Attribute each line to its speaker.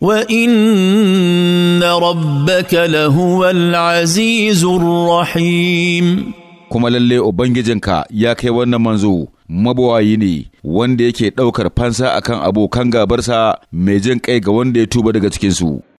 Speaker 1: وان ربك لهو العزيز الرحيم kuma lalle ubangijinka ya kai wannan manzo mabawayi ne wanda yake ɗaukar fansa akan abokan gabarsa mai jin kai ga wanda ya
Speaker 2: tuba daga cikinsu